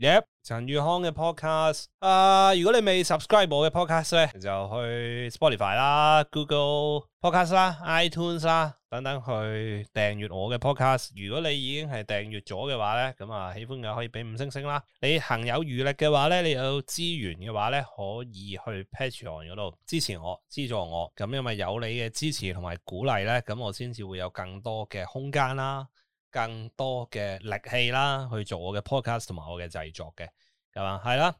Yep，陳宇康嘅 podcast 啊、呃，如果你未 subscribe 我嘅 podcast 咧，就去 Spotify 啦、Google Podcast 啦、iTunes 啦等等去訂閱我嘅 podcast。如果你已經係訂閱咗嘅話咧，咁啊喜歡嘅可以俾五星星啦。你行有餘力嘅話咧，你有資源嘅話咧，可以去 Patreon 嗰度支持我、資助我。咁因為有你嘅支持同埋鼓勵咧，咁我先至會有更多嘅空間啦。更多嘅力氣啦，去做我嘅 podcast 同埋我嘅製作嘅，係嘛？係啦，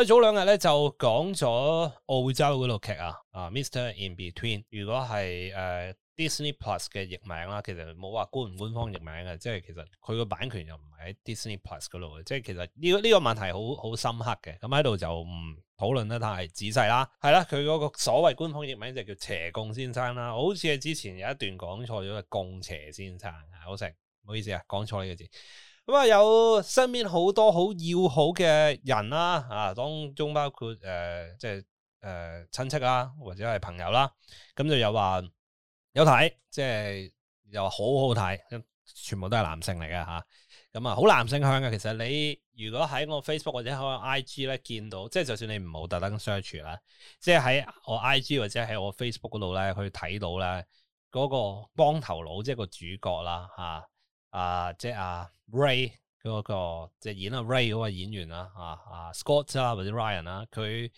一早兩日咧就講咗澳洲嗰套劇啊，啊、uh, Mr. In Between，如果係誒、uh, Disney Plus 嘅譯名啦，其實冇話官唔官方譯名嘅，即係其實佢個版權又唔係喺 Disney Plus 嗰度嘅，即係其實呢個呢個問題好好深刻嘅，咁喺度就唔討論得太仔細啦，係啦，佢嗰個所謂官方譯名就叫邪共先生啦，好似係之前有一段講錯咗，嘅「共邪先生」啊，好成。唔好意思啊，講錯呢個字。咁、嗯、啊，有身邊好多好要好嘅人啦、啊，啊當中包括誒、呃，即係誒親戚啊，或者係朋友啦、啊，咁就有話有睇，即係又好好睇，全部都係男性嚟嘅吓。咁啊，好、嗯、男性向嘅。其實你如果喺我 Facebook 或者喺我 IG 咧見到，即係就算你唔好特登 search 啦，即係喺我 IG 或者喺我 Facebook 嗰度咧去睇到咧，嗰、那個光頭佬即係、就是、個主角啦、吓、啊。啊，即係、啊、阿 Ray 嗰、那個即係演阿、啊、Ray 嗰個演員啦、啊，啊啊，Scott 啊，或者 Ryan 啦、啊，佢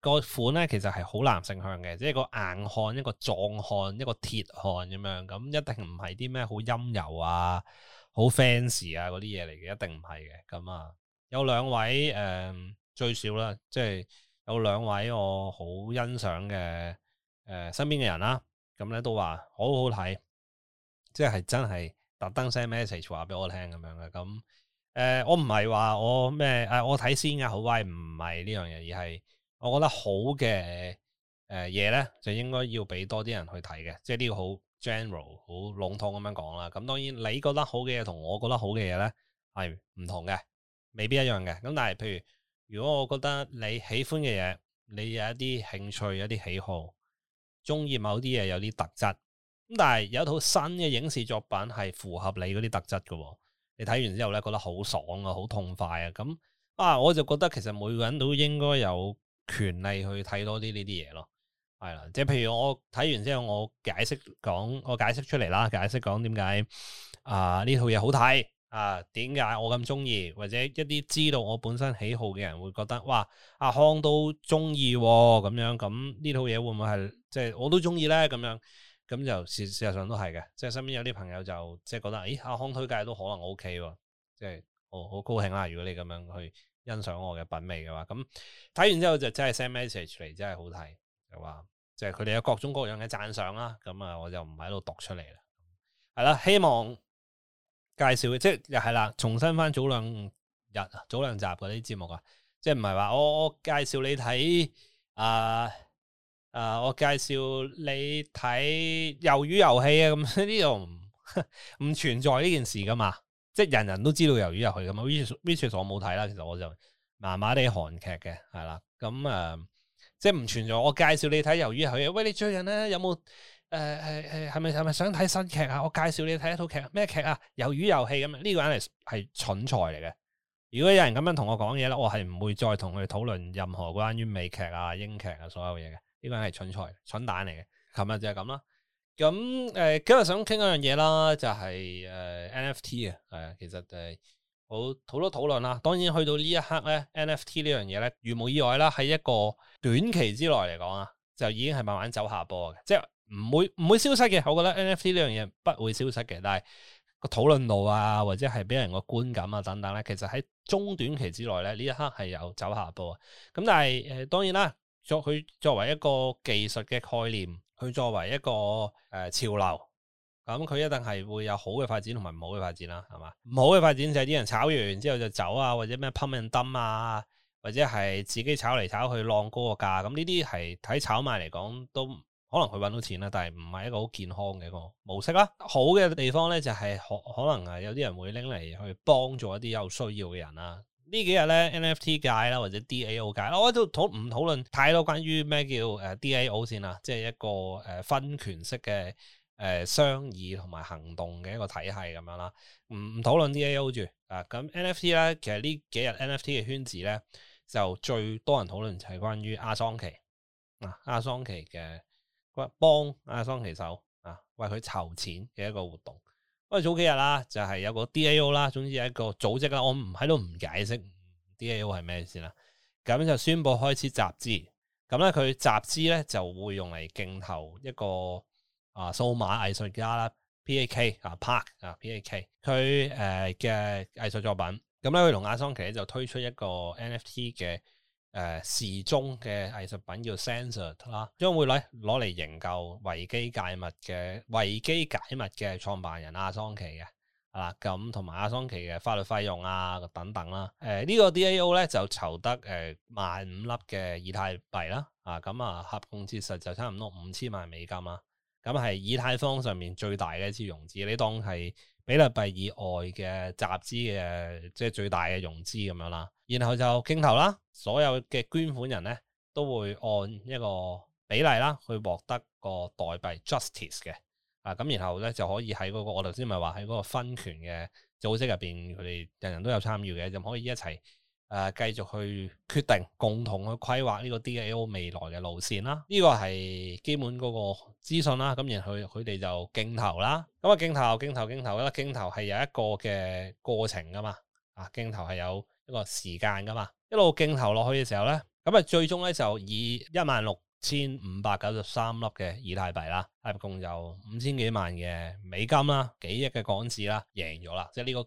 個款咧其實係好男性向嘅，即係個硬漢、一個壯漢、一個鐵漢咁樣，咁一定唔係啲咩好陰柔啊、好 fancy 啊嗰啲嘢嚟嘅，一定唔係嘅。咁啊，有兩位誒、呃、最少啦，即係有兩位我欣賞、呃啊、好欣賞嘅誒身邊嘅人啦，咁咧都話好好睇，即係真係。特登 send message 話俾我聽咁樣嘅，咁誒、呃，我唔係話我咩誒、呃，我睇先噶、啊，好壞唔係呢樣嘢，而係我覺得好嘅誒嘢咧，就應該要俾多啲人去睇嘅，即係呢個好 general、好籠統咁樣講啦。咁當然你覺得好嘅嘢同我覺得好嘅嘢咧係唔同嘅，未必一樣嘅。咁但係譬如如果我覺得你喜歡嘅嘢，你有一啲興趣、有一啲喜好，中意某啲嘢，有啲特質。咁但係有一套新嘅影視作品係符合你嗰啲特質嘅、哦，你睇完之後咧覺得好爽啊，好痛快啊！咁啊，我就覺得其實每個人都應該有權利去睇多啲呢啲嘢咯，係啦，即係譬如我睇完之後，我解釋講，我解釋出嚟啦，解釋講點解啊呢套嘢好睇啊，呃、點解我咁中意，或者一啲知道我本身喜好嘅人會覺得，哇，阿康都中意咁樣，咁呢套嘢會唔會係即係我都中意咧？咁樣。咁就事事實上都係嘅，即係身邊有啲朋友就即係覺得，咦？阿、啊、康推介都可能 OK 喎，即係哦好高興啦！如果你咁樣去欣賞我嘅品味嘅話，咁、嗯、睇完之後就真係 send message 嚟，真係好睇，就話即係佢哋有各種各樣嘅讚賞啦。咁、嗯、啊，我就唔喺度讀出嚟啦。係啦，希望介紹嘅即係，係啦，重新返早兩日、早兩集嗰啲節目啊，即係唔係話我我介紹你睇啊。呃誒、呃，我介紹你睇《魷魚遊戲》啊，咁呢度唔唔存在呢件事噶嘛，即係人人都知道《魷魚遊戲》噶嘛。which 我冇睇啦，其實我就麻麻哋韓劇嘅係啦，咁、嗯、誒，即係唔存在。我介紹你睇《魷魚遊戲》，喂，你最近咧有冇誒誒誒，係咪係咪想睇新劇啊？我介紹你睇一套劇，咩劇啊？魷魚遊戲《魷魚遊戲》，咁呢個人 n 係蠢材嚟嘅。如果有人咁樣同我講嘢咧，我係唔會再同佢討論任何關於美劇啊、英劇啊所有嘢嘅。呢個係蠢材，蠢蛋嚟嘅。琴日就係咁啦。咁誒，今日、呃、想傾一樣嘢啦，就係、是、誒、呃、NFT 啊。係啊，其實誒好好多討論啦。當然去到呢一刻咧，NFT 呢樣嘢咧，如無意外啦，喺一個短期之內嚟講啊，就已經係慢慢走下坡嘅。即係唔會唔會消失嘅。我覺得 NFT 呢樣嘢不會消失嘅，但係、個討論度啊，或者係俾人個觀感啊等等咧，其實喺中短期之內咧呢一刻係有走下坡。咁但係誒、呃，當然啦。作佢作為一個技術嘅概念，佢作為一個誒潮流，咁佢一定係會有好嘅發展同埋唔好嘅發展啦，係嘛？唔好嘅發展就係啲人炒完之後就走啊，或者咩 pump and dump 啊，或者係自己炒嚟炒去浪高個價，咁呢啲係睇炒賣嚟講都可能佢搵到錢啦，但係唔係一個好健康嘅一個模式啦。好嘅地方咧就係、是、可可能係有啲人會拎嚟去幫助一啲有需要嘅人啦、啊。呢幾日咧 NFT 界啦，或者 DAO 界，我都討唔討論太多關於咩叫誒 DAO 先啦，即係一個誒分權式嘅誒、呃、商議同埋行動嘅一個體系咁樣啦，唔唔討論 DAO 住啊。咁 NFT 咧，其實呢幾日 NFT 嘅圈子咧，就最多人討論就係關於阿桑奇啊，阿桑奇嘅幫阿桑奇手啊，為佢籌錢嘅一個活動。喂，早幾日啦，就係有個 DAO 啦，總之有一個組織啦，我唔喺度唔解釋 DAO 係咩先啦。咁就宣布開始集資，咁咧佢集資咧就會用嚟競投一個啊數碼藝術家啦，PAK 啊 Park 啊 PAK 佢誒嘅藝術作品，咁咧佢同阿桑奇咧就推出一個 NFT 嘅。誒時鐘嘅藝術品叫 Censored 啦，將會攞攞嚟營救維基解密嘅維基解密嘅創辦人阿桑奇嘅，係咁同埋阿桑奇嘅法律費用啊等等啦、啊，誒、啊這個、呢個 DAO 咧就籌得誒萬五粒嘅以太幣啦、啊，啊咁啊合共結實就差唔多五千萬美金啊，咁、啊、係以太坊上面最大嘅一次融資，你當係。比特幣以外嘅集資嘅，即係最大嘅融資咁樣啦，然後就競投啦，所有嘅捐款人咧都會按一個比例啦，去獲得個代幣 Justice 嘅，啊咁然後咧就可以喺嗰個我頭先咪話喺嗰個分權嘅組織入邊，佢哋人人都有參與嘅，就可以一齊。誒，繼續去決定，共同去規劃呢個 DAO 未來嘅路線啦。呢、這個係基本嗰個資訊啦。咁然後佢哋就競投啦。咁啊競投競投競投咧，競投係有一個嘅過程噶嘛。啊，競投係有一個時間噶嘛。一路競投落去嘅時候咧，咁啊最終咧就以一萬六。千五百九十三粒嘅以太幣啦，一共有五千幾萬嘅美金啦，幾億嘅港紙啦，贏咗啦，即係呢個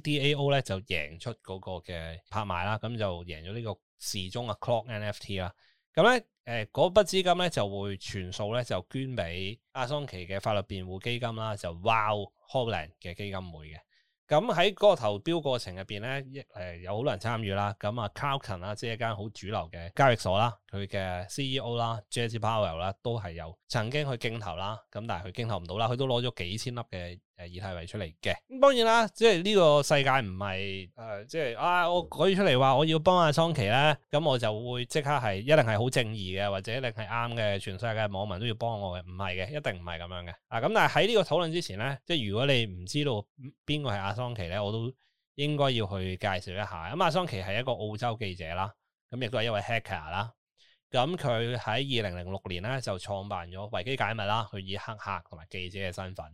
DAO 咧就贏出嗰個嘅拍賣啦，咁就贏咗呢個時鐘嘅 Clock NFT 啦，咁咧誒嗰筆資金咧就會全數咧就捐俾阿桑奇嘅法律辯護基金啦，就 Wau Holland 嘅基金會嘅。咁喺嗰個投標過程入面咧、呃，有好多人參與啦。咁啊，Cowton 啦，即係一間好主流嘅交易所啦，佢嘅 CEO 啦，Jesse Powell 啦，都係有曾經去競投啦。咁但係佢競投唔到啦，佢都攞咗幾千粒嘅。誒，議題提出嚟嘅，咁當然啦，即係呢個世界唔係誒，即係啊，我可以出嚟話我要幫阿、啊、桑奇咧，咁我就會即刻係一定係好正義嘅，或者一定係啱嘅，全世界網民都要幫我嘅，唔係嘅，一定唔係咁樣嘅。啊，咁但係喺呢個討論之前咧，即係如果你唔知道邊個係阿桑奇咧，我都應該要去介紹一下。咁、嗯、阿、啊、桑奇係一個澳洲記者啦，咁亦都係一位 Hacker 啦。咁佢喺二零零六年咧就創辦咗維基解密啦，佢以黑客同埋記者嘅身份，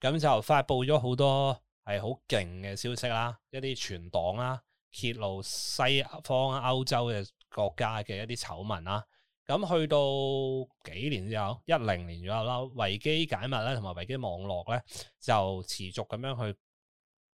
咁就發布咗好多係好勁嘅消息啦，一啲全黨啦、啊、揭露西方歐洲嘅國家嘅一啲醜聞啦、啊，咁去到幾年之後，一零年左右啦，維基解密啦，同埋維基網絡呢就持續咁樣去。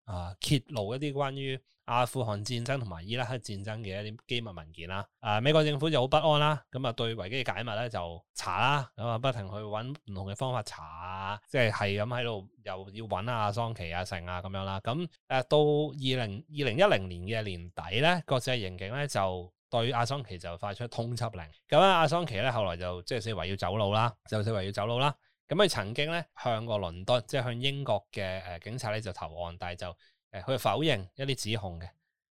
啊！揭露一啲關於阿富汗戰爭同埋伊拉克戰爭嘅一啲機密文件啦！啊，美國政府就好不安啦，咁啊對維基嘅解密咧就查啦，咁啊不停去揾唔同嘅方法查啊，即係係咁喺度又要揾阿桑奇啊成啊咁樣啦，咁誒到二零二零一零年嘅年底咧，國際刑警咧就對阿桑奇就發出通緝令，咁阿阿桑奇咧後來就即係、就是、四圍要走佬啦，就四圍要走佬啦。咁佢曾經咧向過倫敦，即係向英國嘅誒、呃、警察咧就投案，但係就誒佢、呃、否認一啲指控嘅。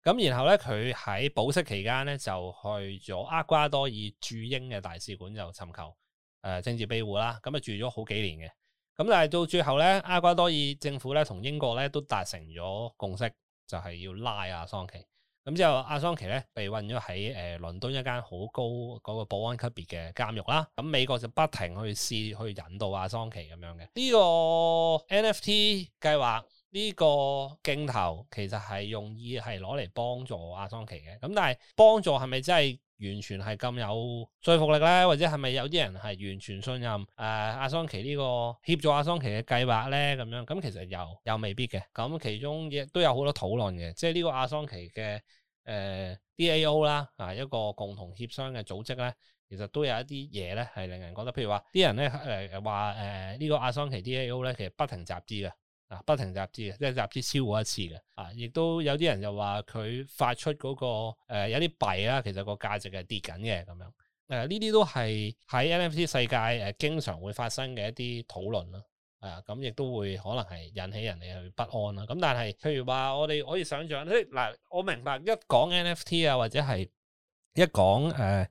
咁然後咧，佢喺保釋期間咧就去咗厄瓜多爾駐英嘅大使館就尋求誒、呃、政治庇護啦。咁啊，呃、住咗好幾年嘅。咁但係到最後咧，厄瓜多爾政府咧同英國咧都達成咗共識，就係、是、要拉阿、啊、桑奇。咁之後阿桑奇咧被運咗喺誒倫敦一間好高嗰個保安級別嘅監獄啦，咁美國就不停去試去引渡阿桑奇咁樣嘅。呢個 NFT 計劃呢、呢個鏡頭其實係用意係攞嚟幫助阿桑奇嘅，咁但係幫助係咪真係？完全係咁有說服力咧，或者係咪有啲人係完全信任誒、呃、阿桑奇呢個協助阿桑奇嘅計劃咧？咁樣咁其實又又未必嘅。咁其中亦都有好多討論嘅，即係呢個阿桑奇嘅誒 DAO 啦，呃、DAO、啊一個共同協商嘅組織咧，其實都有一啲嘢咧係令人覺得，譬如話啲人咧誒話誒呢、呃呃呢個阿桑奇 DAO 咧，其實不停集資嘅。啊！不停集資嘅，即係集資超過一次嘅。啊，亦都有啲人又話佢發出嗰、嗰個誒、呃、有啲幣啊，其實個價值係跌緊嘅咁樣。誒、呃，呢啲都係喺 NFT 世界誒、呃，經常會發生嘅一啲討論咯。啊，咁亦都會可能係引起人哋去不安啦。咁、啊、但係，譬如話我哋可以想象，嗱，我明白一講 NFT 啊，或者係一講誒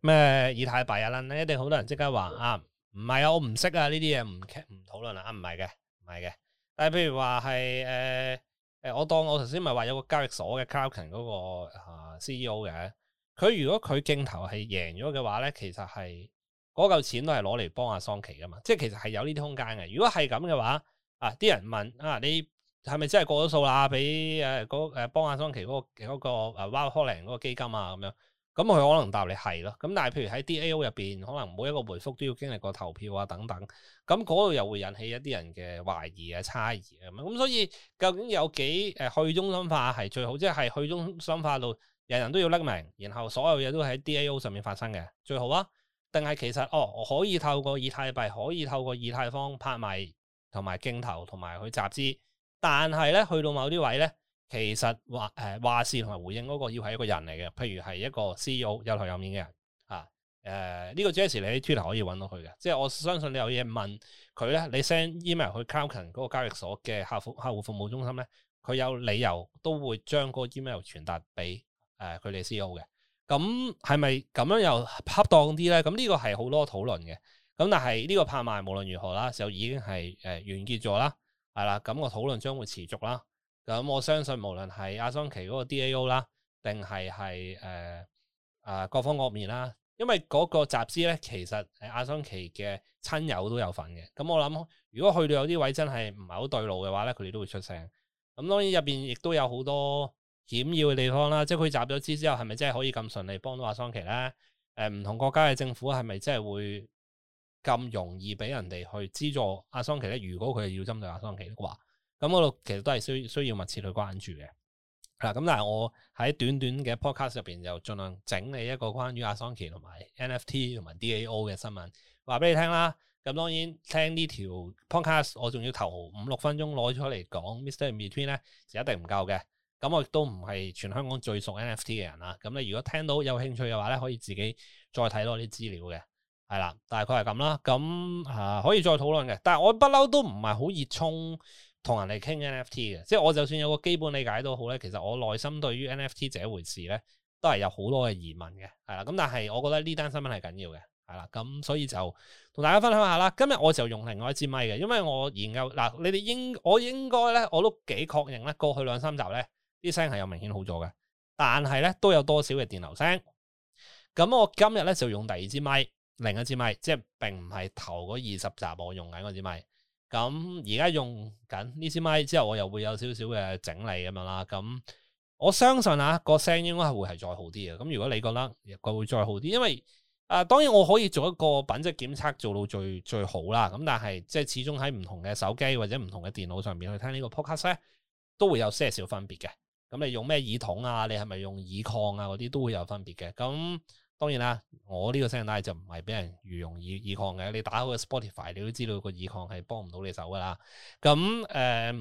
咩以太幣啊，啦，一定好多人即刻話啊，唔係啊，我唔識啊，呢啲嘢唔唔討論啊，唔係嘅，唔係嘅。但譬如話係誒誒，我當我頭先咪話有個交易所嘅 Carlton 嗰個啊 CEO 嘅，佢如果佢競投係贏咗嘅話咧，其實係嗰嚿錢都係攞嚟幫阿桑奇噶嘛，即係其實係有呢啲空間嘅。如果係咁嘅話，啊啲人問啊，你係咪真係過咗數啦？俾誒誒幫阿桑奇嗰、嗰個、嗰個啊 Wau Holland 個基金啊咁樣。咁佢可能答你係咯，咁但係譬如喺 DAO 入邊，可能每一個回覆都要經歷過投票啊等等，咁嗰度又會引起一啲人嘅懷疑啊差異啊咁，咁所以究竟有幾誒、呃、去中心化係最好，即係去中心化到人人都要匿名，然後所有嘢都喺 DAO 上面發生嘅最好啊，定係其實哦可以透過以太幣，可以透過以太坊拍賣同埋競投同埋去集資，但係咧去到某啲位咧。其實話誒、呃、話事同埋回應嗰個要係一個人嚟嘅，譬如係一個 CEO 有頭有面嘅人啊。誒、呃，呢、這個 Jesse，你喺 Twitter 可以揾到佢嘅。即係我相信你有嘢問佢咧，你 send email 去 c a l m o n 嗰個交易所嘅客服客戶服務中心咧，佢有理由都會將嗰 email 傳達俾誒佢哋 CEO 嘅。咁係咪咁樣又恰當啲咧？咁呢個係好多討論嘅。咁、啊、但係呢個拍賣無論如何啦，就已經係誒、呃、完結咗啦，係、啊、啦。咁、嗯那個討論將會持續啦。啊咁我相信，無論係阿桑奇嗰個 DAO 啦，定係係誒啊各方各面啦，因為嗰個集資咧，其實係阿桑奇嘅親友都有份嘅。咁我諗，如果去到有啲位真係唔係好對路嘅話咧，佢哋都會出聲。咁當然入邊亦都有好多險要嘅地方啦。即係佢集咗資之後，係咪真係可以咁順利幫到阿桑奇咧？誒、呃，唔同國家嘅政府係咪真係會咁容易俾人哋去資助阿桑奇咧？如果佢係要針對阿桑奇嘅話。咁嗰度其實都係需需要密切去關注嘅嗱，咁但係我喺短短嘅 podcast 入邊就盡量整理一個關於阿桑奇同埋 NFT 同埋 DAO 嘅新聞話俾你聽啦。咁當然聽呢條 podcast 我仲要頭五六分鐘攞出嚟講，Mr. Me t w o i n 咧就一定唔夠嘅。咁我亦都唔係全香港最熟 NFT 嘅人啦。咁你如果聽到有興趣嘅話咧，可以自己再睇多啲資料嘅，係啦。大概係咁啦。咁啊、呃、可以再討論嘅，但係我不嬲都唔係好熱衷。同人哋傾 NFT 嘅，即係我就算有個基本理解都好咧。其實我內心對於 NFT 這回事咧，都係有好多嘅疑問嘅，係啦。咁但係我覺得呢單新聞係緊要嘅，係啦。咁所以就同大家分享下啦。今日我就用另外一支咪嘅，因為我研究嗱、啊，你哋應該我應該咧，我都幾確認咧。過去兩三集咧，啲聲係有明顯好咗嘅，但係咧都有多少嘅電流聲。咁我今日咧就用第二支咪，另一支咪，即係並唔係頭嗰二十集我用緊嗰支咪。咁而家用緊呢支麥之後，我又會有少少嘅整理咁樣啦。咁、嗯、我相信啊，個聲應該係會係再好啲嘅。咁、嗯、如果你覺得佢會再好啲，因為啊、呃、當然我可以做一個品質檢測，做到最最好啦。咁、嗯、但係即係始終喺唔同嘅手機或者唔同嘅電腦上邊去聽個 cast，呢個 podcast，都會有些少分別嘅。咁、嗯、你用咩耳筒啊？你係咪用耳擴啊？嗰啲都會有分別嘅。咁、嗯。當然啦，我呢個聲帶就唔係俾人愚用耳耳筒嘅。你打開個 Spotify，你都知道個耳筒係幫唔到你手噶啦。咁誒、呃、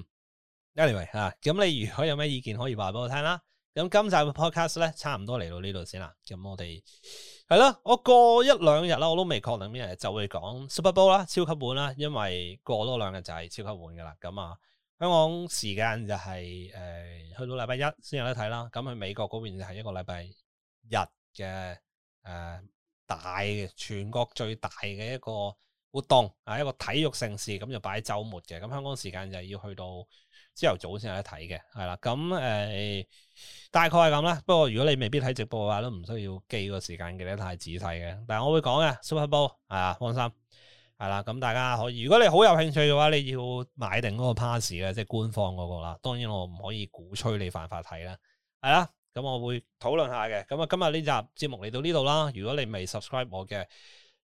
，anyway 吓、啊，咁你如果有咩意見可以話俾我聽啦。咁今集嘅 podcast 咧，差唔多嚟到呢度先啦。咁我哋係咯，我過一兩日啦，我都未確定咩日，就會講 super bowl 啦，超級碗啦。因為過多兩日就係超級碗噶啦。咁啊，香港時間就係、是、誒，去、呃、到禮拜一先有得睇啦。咁去美國嗰邊就係一個禮拜日嘅。誒、呃，大嘅全國最大嘅一個活動，係、啊、一個體育盛事，咁就擺喺周末嘅，咁、嗯、香港時間就要去到朝頭早先有得睇嘅，係啦，咁、嗯、誒、呃，大概係咁啦。不過如果你未必睇直播嘅話，都唔需要記個時間記得太仔細嘅。但係我會講嘅 Super Bowl，係啊，放心，係啦，咁、嗯、大家可以。如果你好有興趣嘅話，你要買定嗰個 pass 嘅，即係官方嗰個啦。當然我唔可以鼓吹你犯法睇啦，係啦。咁、嗯、我會討論下嘅，咁啊今日呢集節目嚟到呢度啦。如果你未 subscribe 我嘅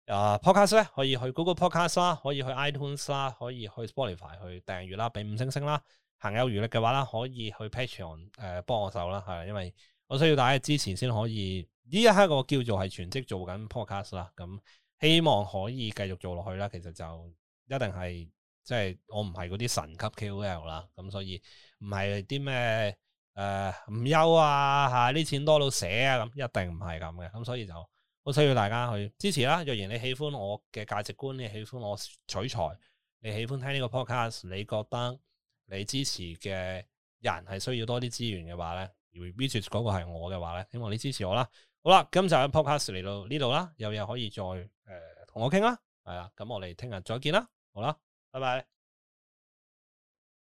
啊、呃、podcast 咧，可以去 Google Podcast 啦，可以去 iTunes 啦，可以去 Spotify 去訂閲啦，俾五星星啦。行有餘力嘅話啦，可以去 Patreon、呃、幫我手啦，係因為我需要大家支持先可以呢一刻我叫做係全職做緊 podcast 啦。咁、嗯、希望可以繼續做落去啦。其實就一定係即係我唔係嗰啲神級 KOL 啦，咁、嗯、所以唔係啲咩。誒唔憂啊，吓、啊、啲錢多到死啊，咁一定唔係咁嘅，咁所以就好需要大家去支持啦。若然你喜歡我嘅價值觀，你喜歡我取材，你喜歡聽呢個 podcast，你覺得你支持嘅人係需要多啲資源嘅話咧，而 which 嗰個係我嘅話咧，希望你支持我啦。好啦，今集嘅 podcast 嚟到呢度啦，有嘢可以再誒同、呃、我傾啦？係啊，咁我哋聽日再見啦。好啦，拜拜。